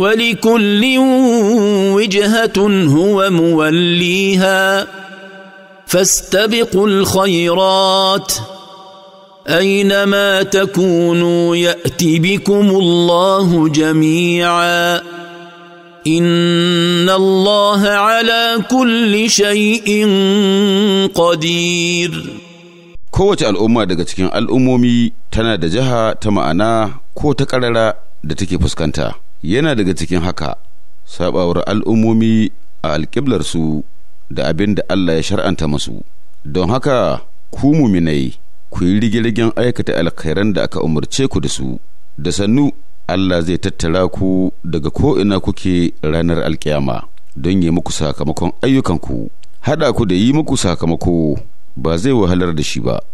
ولكل وجهه هو موليها فاستبقوا الخيرات اينما تكونوا يات بكم الله جميعا ان الله على كل شيء قدير kowace al'umma daga cikin al'ummomi tana da jiha ta ma'ana ko ta da take fuskanta yana daga cikin haka sabawar al'ummomi a alƙiblarsu da abin da Allah ya shar'anta masu don haka ku muminai ku yi rigirgin aikata alkhairan da aka umarce ku da su da sannu Allah zai tattara ku daga ko'ina kuke ranar alƙiyama don yi muku sakamakon ayyukanku haɗa ku da yi muku sakamako ba zai wahalar da shi ba